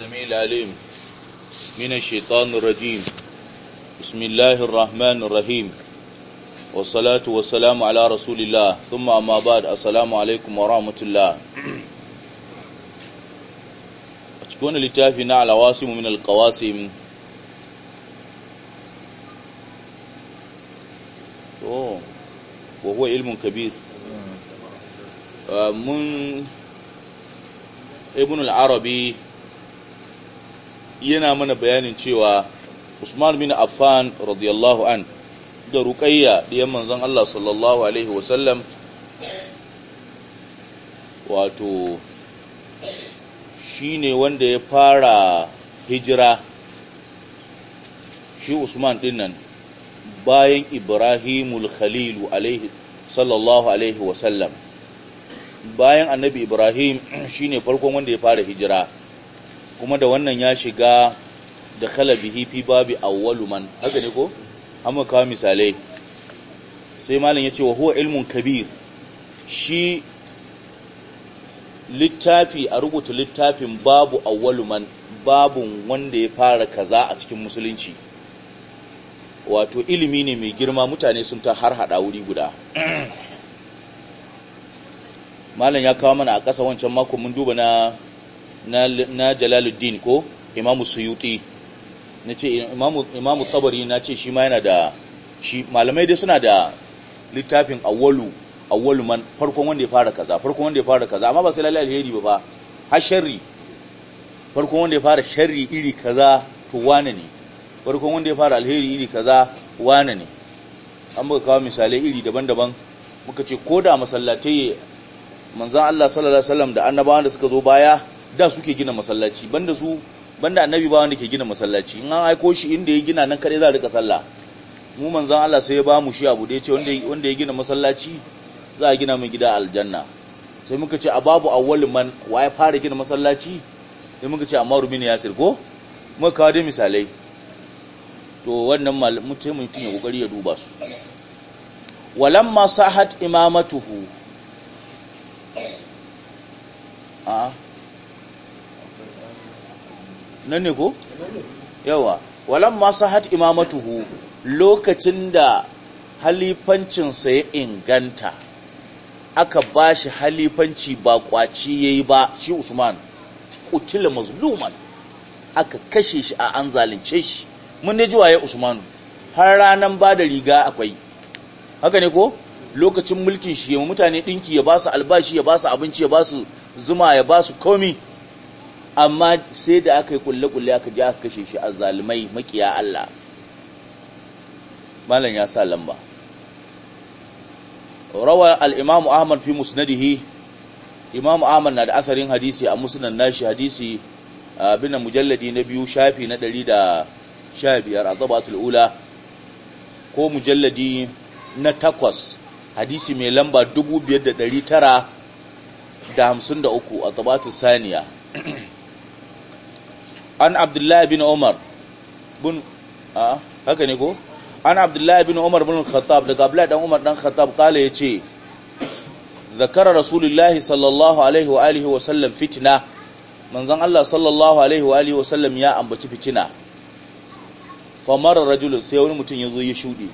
السميع العليم من الشيطان الرجيم بسم الله الرحمن الرحيم والصلاة والسلام على رسول الله ثم أما بعد السلام عليكم ورحمة الله أتكون لتافنا على واسم من القواسم وهو علم كبير آه، من ابن العربي yana mana bayanin cewa Usman bin Affan radiyallahu an da Ruqayya da manzon Allah sallallahu alaihi wasallam wato shine wanda ya fara hijira shi Usman din nan bayan Ibrahimul Khalil alaihi sallallahu alaihi wasallam bayan annabi Ibrahim shine farkon wanda ya fara hijira kuma da wannan ya shiga da khalabihi fi babi awwalu man haka ne ko amma kawo misalai sai malam ya ce wa huwa ilmun kabir shi littafi a rubuta littafin babu awwalu man babun wanda ya fara kaza a cikin musulunci wato ilimi ne mai girma mutane sun ta har hada wuri guda malam ya kawo mana a ƙasa wancan mako mun duba na na jalaluddin ko imamu suyuti na ce imamu tsabari na ce shi ma yana da shi malamai dai suna da littafin awwalu awwalu man farkon wanda ya fara kaza farkon wanda ya fara kaza amma ba sai lalai alheri ba ba har sharri farkon wanda ya fara sharri iri kaza to wane ne farkon wanda ya fara alheri iri kaza wane ne an muka kawo misalai iri daban-daban muka ce ko da masallatai manzan Allah sallallahu alaihi wasallam da annabawan da suka zo baya da suke gina masallaci banda su banda annabi ba wanda ke gina masallaci in an aiko shi inda ya gina nan kare za a rika sallah mu manzon Allah sai ya ba mu shi abu da ya ce wanda ya gina masallaci za a gina mai gida aljanna sai muka ce a babu awwal man wa ya fara gina masallaci sai muka ce amma rubin ya ko muka kawo dai misalai to wannan malamu sai mun tinya kokari ya duba su walamma sahat imamatuhu a nan ne ko yawa walan ma hat imamatuhu lokacin da halifancinsa ya inganta aka ba shi halifanci ba kwaci yayi ba shi Usman kutila mazluman aka kashe shi a an zalunce shi mun ne jiwaye Usman har ranar ba da riga akwai haka ne ko lokacin mulkin shi mutane dinki ya ba su albashi ya ba su abinci ya ba su zuma ya ba su komi amma sai da aka yi kulle-kulle aka ji aka kashe shi a zalimai makiya Allah malam ya sa lamba rawa al'imamu ahmad fi musnadihi imamu ahmad na da asarin hadisi a musnan nashi hadisi abin mujalladi na biyu shafi na dari da sha biyar a zabatul ula ko mujalladi na takwas hadisi mai lamba dubu biyar da a zabatul saniya an abdullahi bin umar bin a haka ne ko an abdullahi bin umar bin khattab daga abdullahi dan umar dan khattab kala yace zakara rasulullahi sallallahu alaihi wa alihi wa sallam fitna manzon Allah sallallahu alaihi wa alihi wa sallam ya ambaci fitina Fa famara rajul sai wani mutum yazo ya shudi.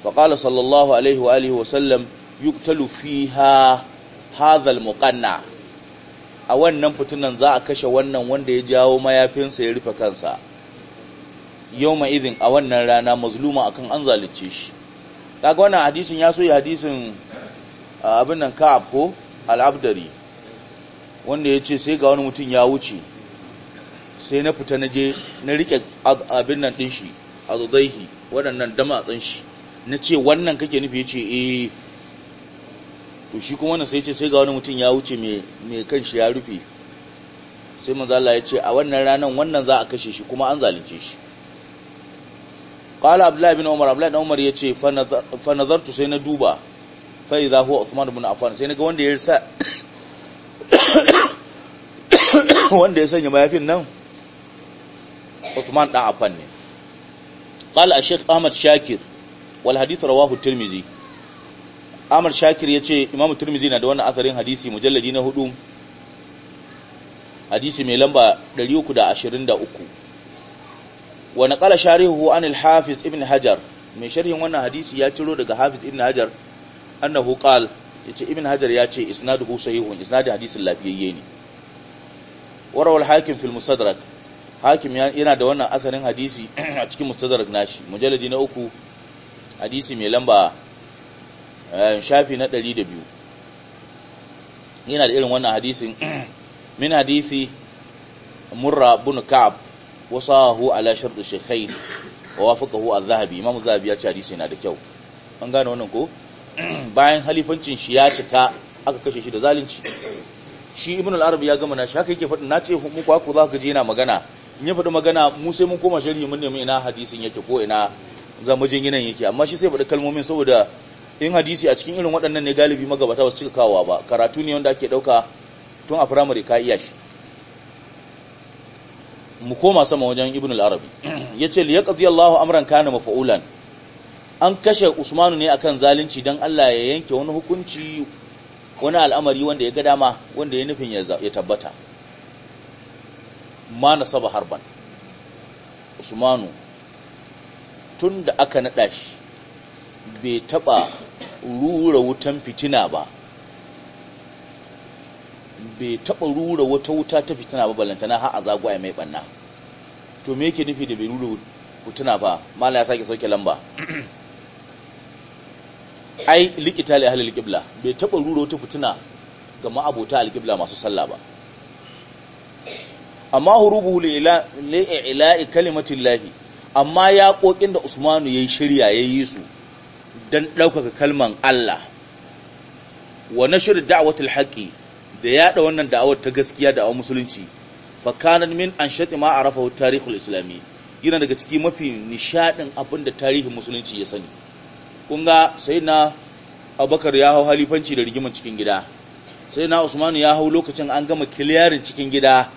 fa qala sallallahu alaihi wa alihi wa sallam yuktalu fiha hadha al muqanna a wannan fitinan za a kashe wannan wanda ya jawo mayafinsa ya rufe kansa Yau ma'izin, a wannan rana mazluma akan an zalice shi kaga wannan hadisin ya soya hadisin abin nan ka'ab ko al'abdari wanda ya ce sai ga wani mutum ya wuce sai na fita na je na rike abin nan ɗin shi azudaihi waɗannan a shi na ce wannan kake nufi ya ce eh to shi kuma wannan sai ce sai ga wani mutum ya wuce mai kan shi ya rufe sai manzala ya ce a wannan ranar wannan za a kashe shi kuma an zalunce shi qala abdullahi bin umar abdullahi bin umar ya ce fa nazartu sai na duba fai za huwa usman bin affan sai naga wanda ya sa wanda ya sanya mayafin nan usman dan afan ne qala a shek ahmad shakir wal hadith rawahu tilmizi. tirmidhi Amr Shakir ya ce Imam Tirmidhi na da wannan asarin hadisi mujalladi na hudu hadisi mai lamba 323 wa kala sharihu an hafiz Ibn Hajar mai sharhin wannan hadisi ya ciro daga Hafiz Ibn Hajar annahu ya yace Ibn Hajar ya ce isnaduhu sahihun isnadu hadisin lafiyayye ne warawal hakim fil mustadrak hakim yana da wannan asarin hadisi a cikin mustadrak nashi mujalladi na uku hadisi mai lamba Eh, shafi na ɗari da biyu. yana da irin wannan hadisin min hadisi murra bin ka'ab wasahu ala shartu shaykhain wa wafaqahu a zahabi imam zahabi ya ce hadisi yana da kyau an gane wannan ko bayan halifancin shi ya cika aka kashe shi da zalunci shi ibn al ya gama nashi haka yake faɗi ce mu kwa ku za ka je yana magana in ya faɗi magana Musa sai mun koma sharhi mun nemi ina hadisin yake ko ina zamujin yinan yake amma shi sai faɗi kalmomin saboda in hadisi a cikin irin waɗannan ne galibi magabata wasu cika kawowa ba karatu ne wanda ake ɗauka tun a firamare ka iya shi mu koma sama wajen ibn al-arabi ya ce liyaqdi Allahu amran kana mafa'ulan an kashe usmanu ne akan zalunci don Allah ya yanke wani hukunci wani al'amari wanda ya ga dama wanda ya nufin ya tabbata ma na saba harban usmanu tun da aka naɗa shi bai taɓa rura wutan fitina ba bai taɓa rura wata wuta ta fitina ba ballantana har a zagwaye mai ɓanna to me yake nufi da bai rura fitina ba mala ya sake sauke lamba ai likita li ahlil qibla bai taɓa rura wata fitina ga ma'abota alqibla masu sallah ba amma hurubuhu li'ila'i kalimatillahi amma ya kokin da Usmanu yayi shirya yayi su don ɗaukaka kalman Allah wa nashir da'watul haqqi da yada wannan da'awar ta gaskiya da musulunci fa kanan min anshati ma arafahu tarihul islami yana daga ciki mafi nishaɗin abin da tarihin musulunci ya sani kun ga sayyidina Abubakar ya hau halifanci da rigiman cikin gida sayyidina Usman ya hau lokacin an gama kiliyarin cikin gida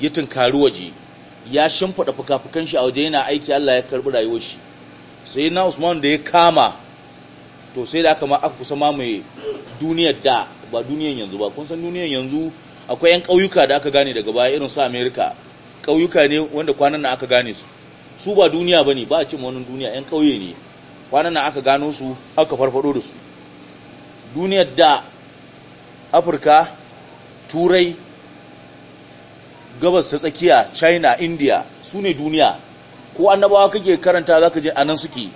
ya tunkaru waje ya shimfiɗa fukafukan shi a waje yana aiki Allah ya karbi rayuwar shi sayyidina Usman da ya kama to sai da aka ma aka kusa mamaye duniyar da ba duniyar yanzu ba kun san duniyar yanzu akwai yan ƙauyuka da aka gane daga baya irin su america ƙauyuka ne wanda kwanan nan aka gane su su ba duniya ba ne ba a cin wani duniya yan ƙauye ne kwanan nan aka gano su aka farfado da su duniyar da afirka turai gabas ta tsakiya china india su ne duniya ko annabawa kake karanta zaka je a nan suke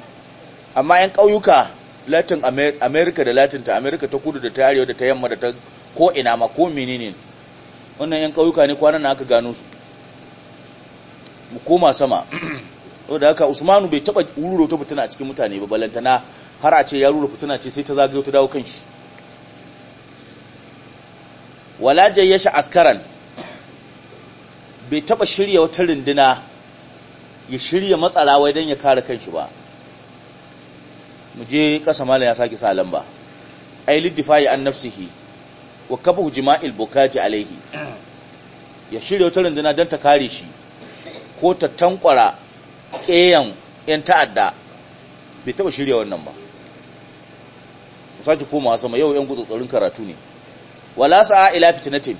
amma 'yan ƙauyuka latin america da latin ta america ta kudu da ta arewa da ta yamma da ta ko ina ma ko menene wannan yan kauyuka ne kwanan na aka gano su mu koma sama saboda haka usmanu bai taba ruro ta fitina a cikin mutane ba balantana har a ce ya rura fitina ce sai ta zagayo ta dawo kanshi wala jayyasha askaran bai taba shirya wata rindina ya shirya matsala wai don ya kare kanshi ba mu je kasa malam ya sake sa lamba ay lidifai an nafsihi wa kabu jima'il bukati alaihi ya shirya wata runduna don ta kare shi ko ta tankwara ƙeyan 'yan ta'adda bai taɓa shirya wannan ba mu sake koma sama yau 'yan gutsotsorin karatu ne wala sa'a ila fitnatin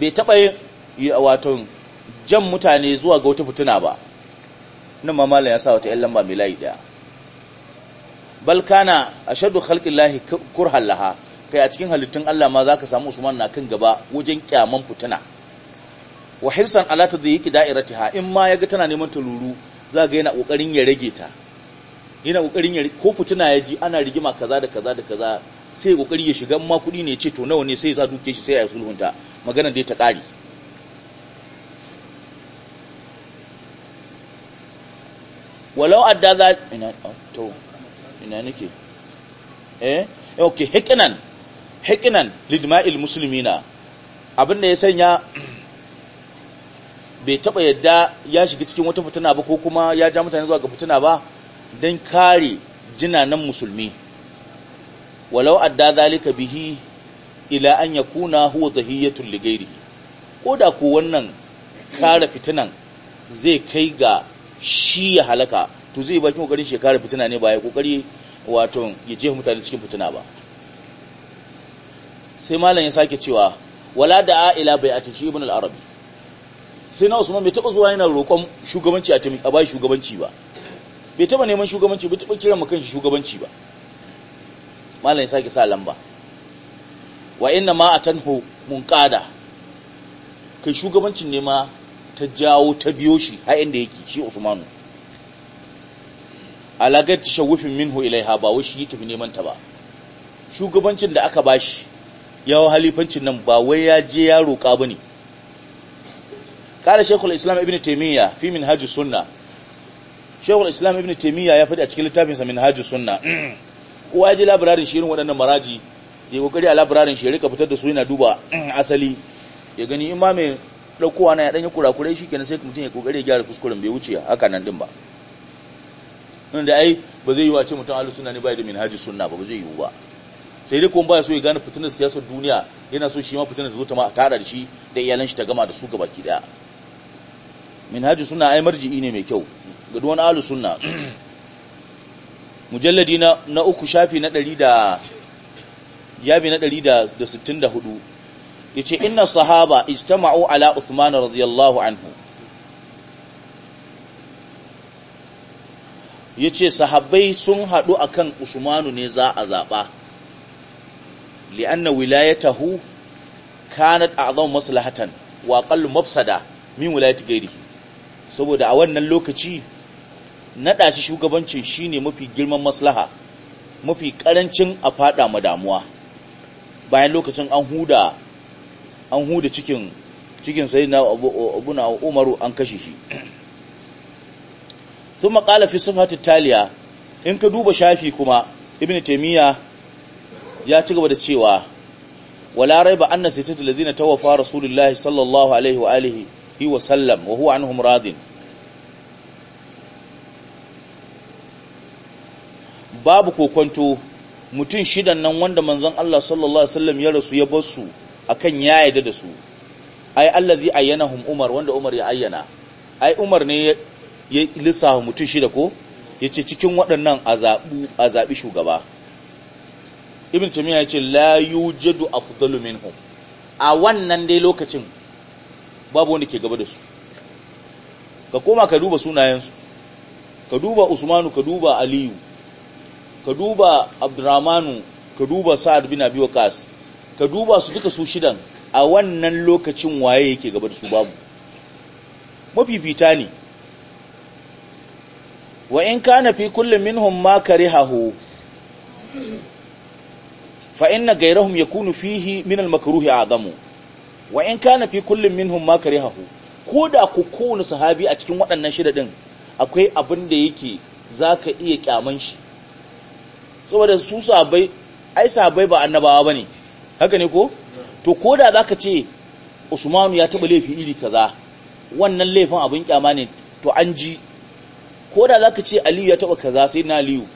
bai taɓa yi wato jan mutane zuwa ga wata fitina ba nan malam ya sa wata 'yan lamba mai layi ɗaya bal kana ashadu llahi kurhan laha kai a cikin halittun Allah ma zaka samu Usman na kan gaba wajen kyaman fitina wa hirsan ala tadhiqi da'iratiha in ma yaga tana neman ta luru zaga yana kokarin ya rage ta yana kokarin ya ko fitina yaji ana rigima kaza da kaza da kaza sai kokari ya shiga ma kudi ne ce to nawa ne sai ya duke shi sai ya sulhunta magana dai ta kare walau adda za ina to ina nake eh okay hikinan hikinan lidma'il muslimina na abinda ya sanya bai taba yadda ya shiga cikin wata fitina ba ko kuma ya ja mutane zuwa ga fitina ba don kare jinanan musulmi walau adda zalika bihi ila an yakuna huwa zahiyatul ligairi ko da ku wannan kare fitinan zai kai ga shi ya halaka to zai bakin kokarin shekara fitina ne ba ya kokari wato ya jefa mutane cikin fitina ba sai malam ya sake cewa wala da ila a tashi ibn al-arabi sai na usman bai taba zuwa yana roƙon shugabanci a timi a bai shugabanci ba bai taba neman shugabanci bai taba kiran makan shi shugabanci ba malam ya sake sa lamba wa inna ma atanhu munqada kai shugabancin ne ma ta jawo ta biyo shi har inda yake shi usmanu alagar tashawufin minhu ilaiha ba wai shi tafi neman ta ba shugabancin da aka bashi yawo halifancin nan ba wai ya je ya roƙa bane Kada شيخ الاسلام ابن تيميه fi منهاج Sunna, شيخ islam ibnu taymiya ya fadi a cikin littafinsa منهاج Sunna. kowa ji labirarin shirin irin waɗannan maraji ya kokari a labirarin shi rika fitar da su yana duba asali ya gani imamin ma mai ɗaukowa na ya ɗanyi kurakurai shi kenan sai mutum ya kokari ya gyara kuskuren bai wuce haka nan ɗin ba inda ai ba zai yiwu a ce mutum ahlus sunna ne bai da minhajus sunna ba ba zai yiwu ba sai dai kuma ba so ya gane fitinar siyasar duniya yana so shi ma fitinar ta zo ta ma tara da shi da iyalan shi ta gama da su gabaki daya minhajus sunna ai marji'i ne mai kyau ga duwan ahlus sunna mujalladi na na uku shafi na 100 da yabi na 164 yace inna sahaba Istama'o ala uthman radiyallahu anhu ya ce sahabbai sun haɗu kan usmanu ne za a zaɓa li'anna wilayatahu kanat azaman maslahatan wa aqallu mafsada min wilayati gairi saboda a wannan lokaci naɗa shi shugabancin shine mafi girman maslaha mafi ƙarancin a fada ma damuwa bayan lokacin an huda an huda cikin cikin sai na abu na umaru an kashe shi Sun qala fi safhati taliya in ka duba shafi kuma ibnu taymiya ya ci gaba da cewa wala raiba anna sittatu alladhina tawaffa rasulullahi sallallahu alaihi wa alihi wa sallam wa huwa anhum radin babu kokonto mutum shidan nan wanda manzon Allah sallallahu alaihi wasallam ya rasu ya bar su akan ya yarda da su ai allazi hum umar wanda umar ya ayyana ai umar ne ya lissafa mutum shida ko ya ce cikin waɗannan a zaɓi shugaba ibn tamiya ya ce la a fudalumin hu a wannan dai lokacin babu wanda ke gaba da su ka koma ka duba sunayensu ka duba usmanu ka duba aliyu ka duba abdurrahmanu ka duba sa'ad bin abi ka duba su duka su shidan a wannan lokacin waye yake gaba da su babu mafifita ne wa in kana fi kullum minhum ma karihahu fa inna gairahum yakunu fihi min al-makruhi Adamu. wa in kana fi kullum minhum ma karihahu koda ku kowane sahabi a cikin waɗannan shida ɗin, akwai abin da yake ka iya kyaman shi saboda su sabai ai sabai ba annabawa ba ne, haka ne ko to koda ka ce Usmanu ya taɓa laifi iri kaza wannan laifin abin kyama ne to an ji ko da za ka ce aliyu ya taɓa kaza sai na aliyu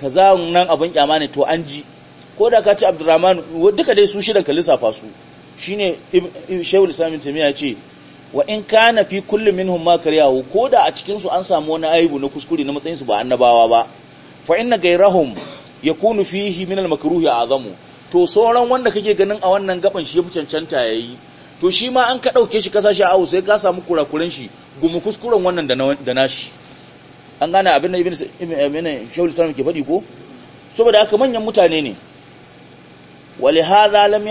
kaza nan abin kyama ne to an ji ko da ka ce abdurrahman duka dai su shidan ka lissafa su ne shehul islam tamiya ya ce wa in kana fi kullum minhum ma karyahu ko da a cikinsu an samu wani aibu na kuskure na matsayinsu ba annabawa ba fa inna gairahum yakunu fihi min al a azamu to sauran wanda kake ganin a wannan gaban shi fi cancanta yayi to shi ma an ka dauke shi kasa shi a sai ka samu kurakuren shi gumu kuskuren wannan da na shi an gane abin da ibn eh, shawul ke faɗi ko saboda haka manyan mutane ne wali hadha lam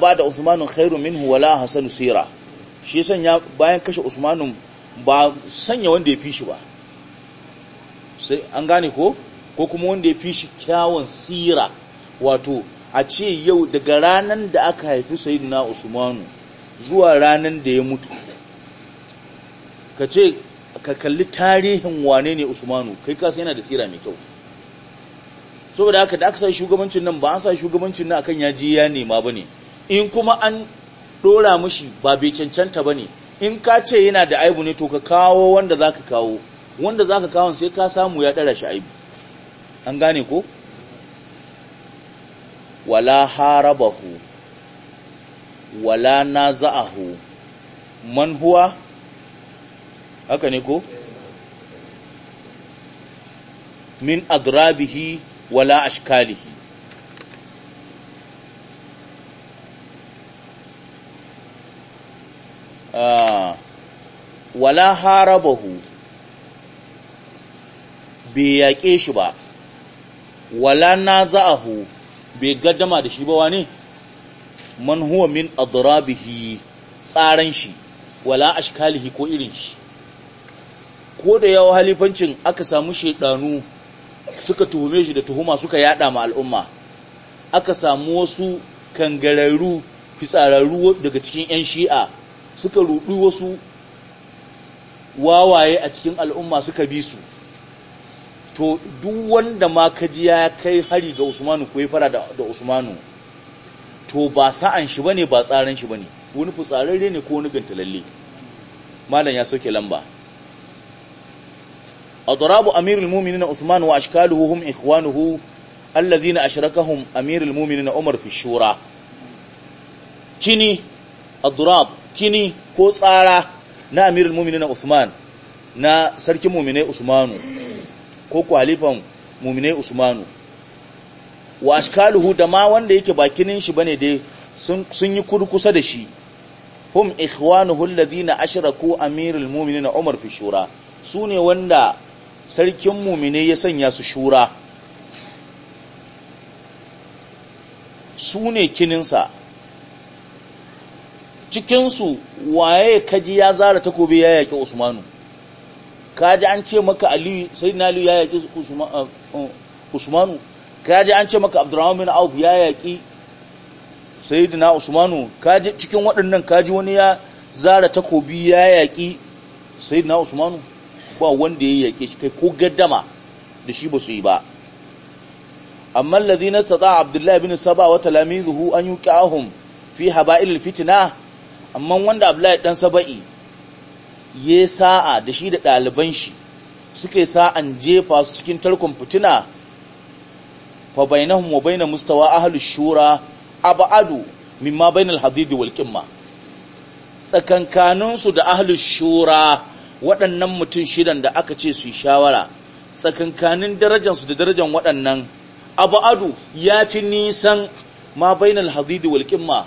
ba da usmanu khairu minhu wala hasan sira shi sanya bayan kashe usmanu ba sanya wanda ya fi shi ba sai an gane ko ko kuma wanda ya fi shi kyawun sira wato a ce yau daga ranan da aka haifi sayyidina usmanu zuwa ranan da ya mutu ka ce ka kalli tarihin wane ne usmanu kai kasu yana da sira mai kyau saboda haka da aka sa shugabancin nan ba an sa shugabancin nan akan yaji ya nema ba ne in kuma an ɗora mushi ba bai cancanta ba ne in ka ce yana da aibu ne to ka kawo wanda za ka kawo wanda za ka kawo sai ka samu ya ɗara shi aibu an gane ko wala harabahu wala naza'ahu man huwa haka ne ko min adrabihi wala ashkalihi ah, wala harabahu bai yaƙe shi ba wala na za'ahu bai gaddama da shi ba wani. man huwa min adrabihi tsaran shi wala ashkalihi ko irin shi ko da yawa halifancin aka samu shaidanu suka tuhume shi da tuhuma suka yada ma al'umma aka samu wasu kangararru fitsararru daga cikin 'yan shi'a suka rudu wasu wawaye a cikin al'umma suka bi su to duk wanda ma kaji ya kai hari ga usmanu ko ya fara da, usmanu to ba sa'an shi bane ba tsaran shi bane wani fitsararre ne ko wani gantalalle malam ya sauke lamba adrabu amirul mu'minin Uthman wa ashkaluhu hum ikhwanuhu alladhina ashrakahum amirul mu'minin Umar fi shura kini adrab kini ko tsara na amirul mu'minin Uthman na sarkin mu'minai Usmanu ko kwalifan mu'minai Usmanu wa da ma wanda yake bakinin shi bane dai sun yi kurkusa da shi hum ikhwanuhu alladhina ashraku amirul Umar fi shura su ne wanda sarkin mumine ya sanya su shura su ne kininsa cikinsu waye kaji ya zara takobi ya yaƙi usmanu kaji an ce maka aliyu sai na aliyu ya yaƙi uh, uh, usmanu kaji an ce maka abdurrahman bin auf ya yaƙi sayyidina usmanu kaji cikin waɗannan kaji wani ya zara takobi ya yaƙi sayyidina usmanu ba wanda ya yake shi kai ko gaddama da shi ba su yi ba amma alladhina istata abdullahi bin saba wa talamizuhu an yuqahum fi haba'il fitna amma wanda abdullahi dan saba'i ya sa'a da shi da ɗaliban shi suka yi sa'an jefa su cikin tarkon fitina fa bainahum wa baina mustawa ahli shura abadu mimma bainal hadidi wal qimma tsakankaninsu da ahli shura waɗannan mutum shidan da aka ce su yi shawara tsakankanin darajansu da darajan waɗannan abu adu ya fi nisan ma bainal hadidi wal kimma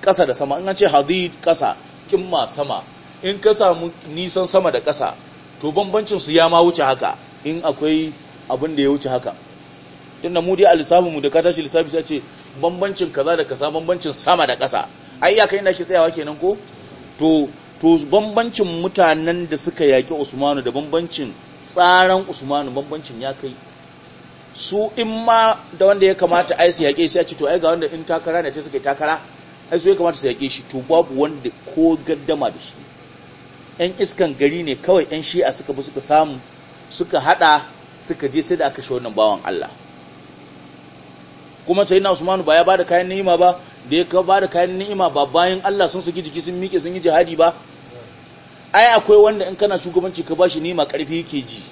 ƙasa da sama in an ce hadid ƙasa kimma sama in ka samu nisan sama da ƙasa to bambancinsu ya ma wuce haka in akwai abin da ya wuce haka inda mu dai a lissafin mu da ka tashi lissafi sai ce bambancin kaza da kaza bambancin sama da ƙasa ai ya kai tsayawa kenan ko to to bambancin mutanen da suka yaƙi usmanu da bambancin tsaran usmanu bambancin ya kai su in ma da wanda ya kamata ai su yaƙe shi a ce to ai ga wanda in takara ne ce suka yi takara ai su ya kamata su yaƙe shi to babu wanda ko gaddama da shi yan iskan gari ne kawai yan shi'a suka bi suka samu suka haɗa suka je sai da aka shi wannan bawan Allah kuma sai na Usmanu ba ya bada kayan ni'ima ba da ya ka bada kayan ni'ima ba bayan Allah sun saki jiki sun miƙe sun yi jihadi ba ai akwai wanda in kana shugabanci ka bashi nima karfi yake ji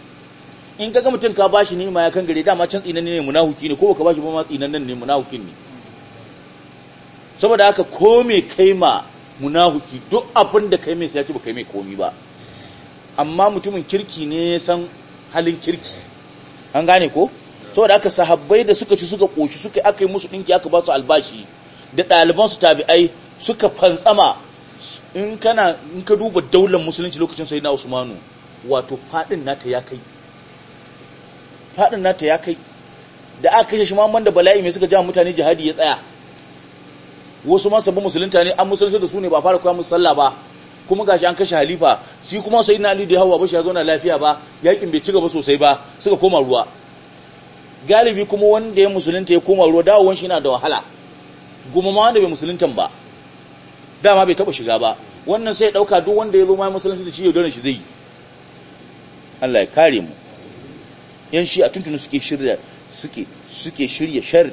in ka ga mutum ka bashi nima ya kan gare dama can tsinan ne munahuki ne ko ka bashi ba ma tsinan nan ne munahuki ne saboda haka ko me kai ma duk abin da kai mai sai ya ci ba kai mai komi ba amma mutumin kirki ne ya san halin kirki an gane ko saboda haka sahabbai da suka ci suka koshi suka aka musu dinki aka ba su albashi da ɗaliban su tabi'ai suka fantsama in kana in ka duba daular musulunci lokacin sayyidina usmanu wato fadin nata ya kai fadin nata ya kai da aka kashe shi mamman da bala'i mai suka ja mutane jihadi ya tsaya wasu ma sabbin musulunta ne an musulunta da su ne ba fara koya musu sallah ba kuma gashi an kashe halifa shi kuma sayyidina ali da hawa ba shi ya zauna lafiya ba yakin bai ci gaba sosai ba suka koma ruwa galibi kuma wanda ya musulunta ya koma ruwa dawowan shi yana da wahala gumama wanda bai musuluntan ba dama bai taba shiga ba wannan sai a dauka duk wanda ya zo mai musulunci da shi yaudaran shi zai Allah ya kare mu yan shi a tuntunu suke shirya suke suke shirya sharri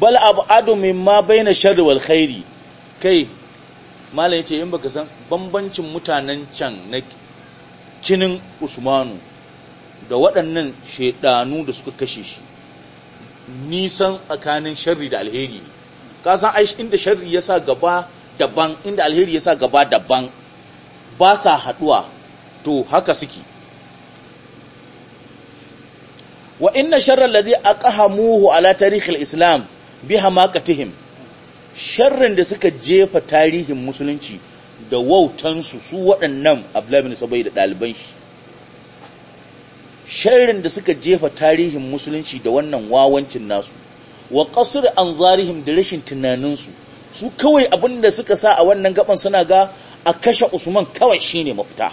bal abadu mimma baina sharri wal khairi kai malam yace in baka san bambancin mutanen can na kinin usmanu da waɗannan shedanu da suka kashe shi nisan tsakanin sharri da alheri ne ka san ai inda sharri ya sa gaba daban inda alheri ya sa gaba daban ba sa haduwa to haka suke wa inna sharral ladhi aqahamuhu ala tarikh islam bi hamakatihim sharrin da suka jefa tarihin musulunci da wautansu su waɗannan ablamin sabai da ɗaliban shi sharrin da suka jefa tarihin musulunci da wannan wawancin nasu wa an anzarihim da rashin tunaninsu su kawai abin da suka sa a wannan gaban suna ga a kashe Usman kawai shine mafita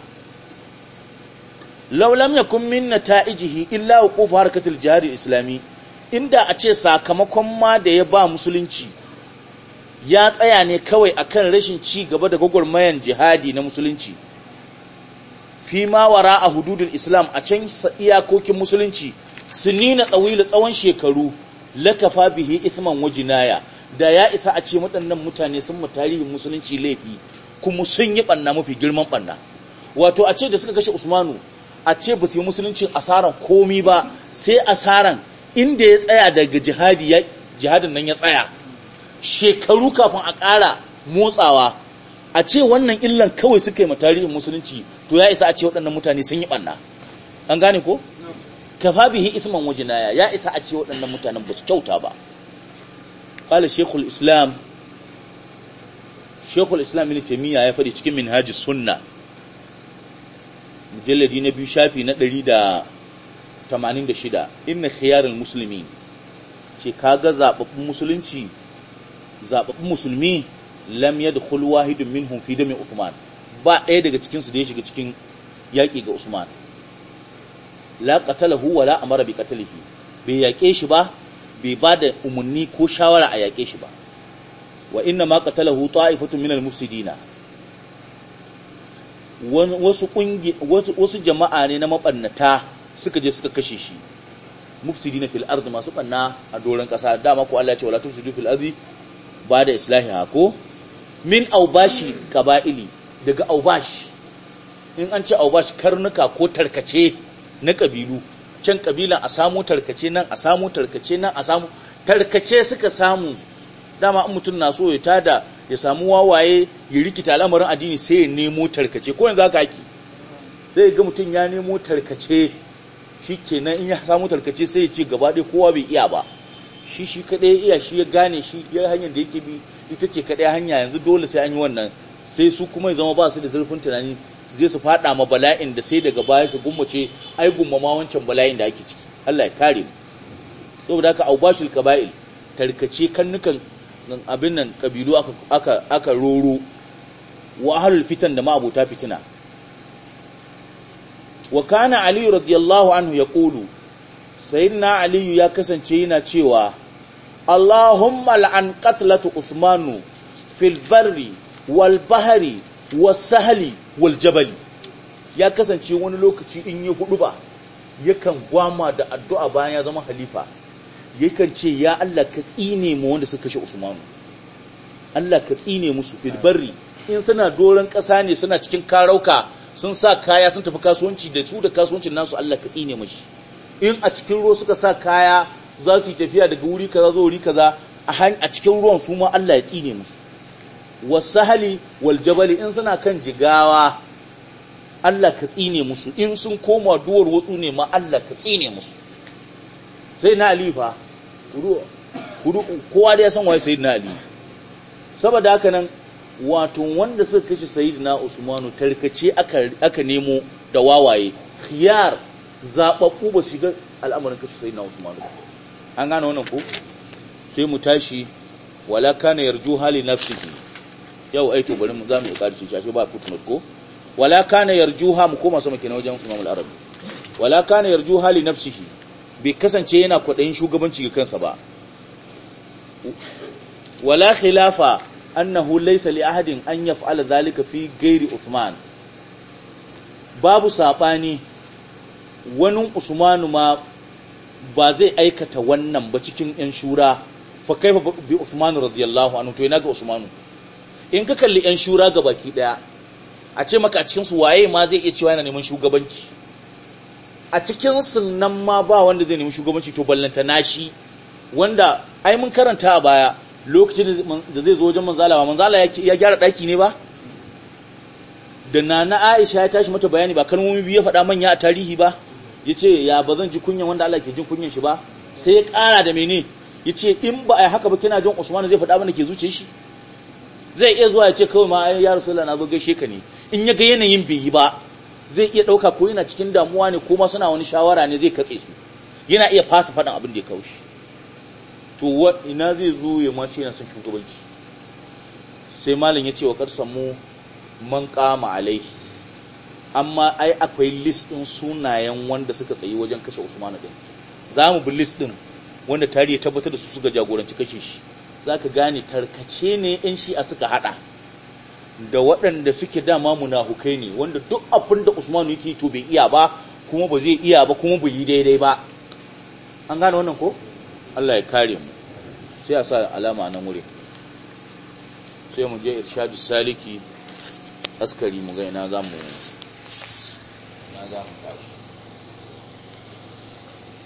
Laulam law Minna ta min nata'ijihi illa ƙofa harkatar jihad islami inda a ce sakamakon ma da ya ba musulunci ya tsaya ne kawai akan rashin ci gaba da gwagwarmayan jihadi na musulunci fi ma wara a hududul islam a can iyakokin musulunci su nina tsawila tsawon shekaru lakafa bihi ithman wa jinaya da ya isa a ce waɗannan mutane sun mu tarihin musulunci laifi kuma sun yi banna mafi girman banna wato a ce da suka kashe usmanu a ce ba su yi musuluncin asaran komi ba sai asaran inda ya tsaya daga jihadi jihadin nan ya tsaya shekaru kafin a ƙara motsawa a ce wannan illan kawai suka yi tarihin musulunci to ya isa a ce waɗannan mutane sun yi banna an gane ko kafa bihi isman wajinaya ya isa a ce waɗannan mutanen ba su kyauta ba qala shaykhul islam shaykhul islam ibn taymiya ya faɗi cikin minhaj sunna mujalladi na biyu shafi na 186 inna khiyarul muslimin ce kaga zababbun musulunci zababbun musulmi lam yadkhul wahidun minhum fi dami uthman ba ɗaya daga cikinsu su da ya shiga cikin yaƙi ga usman la qatalahu wala amara bi qatlihi bai yake shi ba bai ba da umarni ko shawara a yake shi ba wa inna ma qatalahu ta'ifatun minal mufsidina wasu kungi wasu jama'a ne na mabannata suka je suka kashe shi mufsidina fil ardi masu banna a doron kasa dama ko Allah ya ce wala tufsidu fil ardi ba da islahiha ko min aubashi kabaili daga aubashi in an ce aubashi karnuka ko tarkace na ƙabilu can ƙabilan a samu tarkace nan a samu tarkace nan a samu tarkace suka samu dama in mutum na so ya tada ya samu wawaye ya rikita lamarin addini sai ya nemo tarkace ko yanzu haka ake zai ga mutum ya nemo tarkace shi kenan in ya samu tarkace sai ya ce gaba ɗaya kowa bai iya ba shi shi kaɗai ya iya shi ya gane shi ya hanyar da yake bi ita ce kaɗai hanya yanzu dole sai an yi wannan sai su kuma ya zama ba su da zurfin tunani zai su fada ma bala'in da sai daga baya su gummace ai gummama wancan bala'in da ake ciki Allah ya kare mu saboda haka aubashul kaba'il tarkace kannukan abin nan kabilu aka aka aka roro wa ahlul fitan da ma ta fitina wa kana ali radiyallahu anhu yaqulu sayyidina ali ya kasance yana cewa allahumma la'an qatlatu usmanu fil barri wal bahri wasahali wal jabali ya kasance wani lokaci in yi hudu ba yakan gwama da addu'a bayan ya zama halifa yakan ce ya Allah ka tsine mu wanda suka kashe Usmanu Allah ka tsine musu bilbari in suna doron ƙasa ne suna cikin karauka sun sa kaya sun tafi kasuwanci da su da kasuwancin nasu Allah ka tsine mashi in a cikin ruwa suka sa kaya za su yi tafiya daga wuri kaza zuwa wuri kaza a cikin ruwan su ma Allah ya tsine musu wasahali wal jabali in suna kan jigawa Allah ka tsine musu in sun koma duwar wutsu ne ma Allah ka tsine musu sai na alifa kowa da ya san waye sayyidina ali saboda haka nan wato wanda suka kashe sayyidina usmanu tarkace aka aka nemo da wawaye khiyar zaɓaɓɓu ba shiga al'amarin kashe sayyidina usmanu an gane wannan ko sai mu tashi wala kana yarju hali nafsihi yau aito eh bari mu za mu ƙari shi shafi ba footnote ko wala kana yarjuha mu koma sama kenan wajen Imam al-Arabi wala kana yarjuha li nafsihi bai kasance yana kwaɗayin shugabanci ga kansa ba wala khilafa annahu laysa li ahadin an yaf'ala dhalika fi ghairi Uthman babu sabani wani Usmanu ma ba zai aikata wannan ba cikin 'yan shura fa kaifa bi Usman radiyallahu anhu to ina ga Usmanu in ka kalli 'yan shura ga baki ɗaya, a ce maka a cikinsu waye ma zai iya cewa yana neman shugabanci a cikinsu nan ma ba wanda zai nemi shugabanci to ballanta nashi wanda ai mun karanta a baya lokacin da zai zo wajen manzala ba manzala ya gyara ɗaki ne ba da na aisha ya tashi mata bayani ba kalmomi biyu ya faɗa manya a tarihi ba ya ce ya ba zan ji kunyan wanda Allah ke jin kunyan shi ba sai ya ƙara da mene ya ce in ba a yi haka ba kina jin usman zai faɗa mana ke zuce shi zai iya zuwa ya ce kawai ma ya rasu na zo gaishe ka ne in ya ga yanayin bai yi ba zai iya ɗauka ko yana cikin damuwa ne ko ma suna wani shawara ne zai katse su yana iya fasa faɗin abin da ya kawo shi to ina zai zo ya mace yana son shugabanci sai malam ya ce wa karsan mu man kama alai amma ai akwai list ɗin sunayen wanda suka tsayi wajen kashe usmanu din za mu bi list ɗin wanda tarihi tabbatar da su suka jagoranci kashe shi za ka gane tarkace ne in shi a suka haɗa da waɗanda suke dama munafukai ne wanda duk abin da usmanu yake to bai iya ba kuma ba zai iya ba kuma bai yi daidai ba an gane wannan ko allah ya kare mu sai a sa alama nan wuri sai mu je irshadu saliki askari mu ga ina za mu na za mu tashi